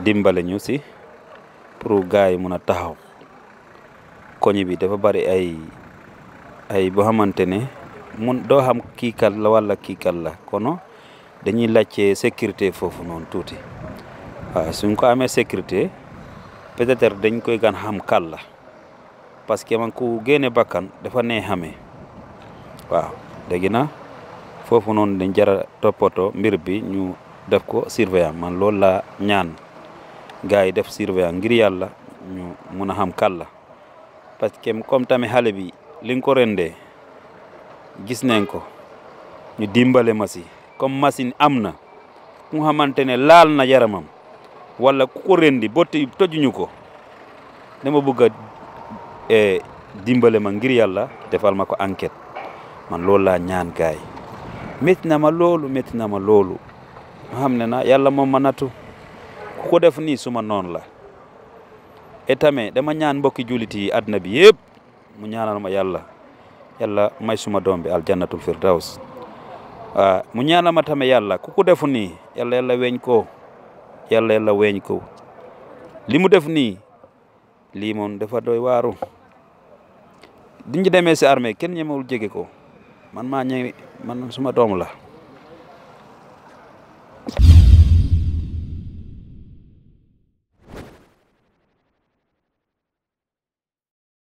dimbale ñu si pour yi mun a taxaw koñ bi dafa bari ay ay boo xamante ne mun doo xam kii kan la wala kii kan la kono dañuy laajte sécurité foofu noonu tuuti waaw suñ ko amee sécurité peut-être dañ koy gan xam kan la parce que man ku génne bakkan dafa nee xamee waaw léegi na foofu noonu dañ jara toppatoo mbir bi ñu def ko surveillant man loolu laa ñaan gars yi def surveillance ngir yàlla ñu mun a xam kàlla parce que comme tamit xale bi li nga ko rendee gis nañ ko ñu dimbale ma si comme machine am na ku xamante ne laal na yaramam wala ku ko rendi ba tojuñu ko dama bëgg a eh, dimbale ma ngir yàlla defal ma ko enquête man loolu laa ñaan gaay métti ma loolu métti ma loolu ma xam ne na yàlla moom ma nattu ku def nii suma noon la et tamit dama ñaan mbokki jullit yi àdduna bi yëpp mu ñaanal ma yàlla yàlla may suma doom bi aljannatul firdaws waaw ah, mu ñaana ma tamit yàlla ku ko def nii yàlla yàlla weñ ko yàlla yàlla weñ ko li mu def nii lii moom dafa doy waaru diñu demee si armée kenn ñemewul jege ko man maa ñëw man suma doom la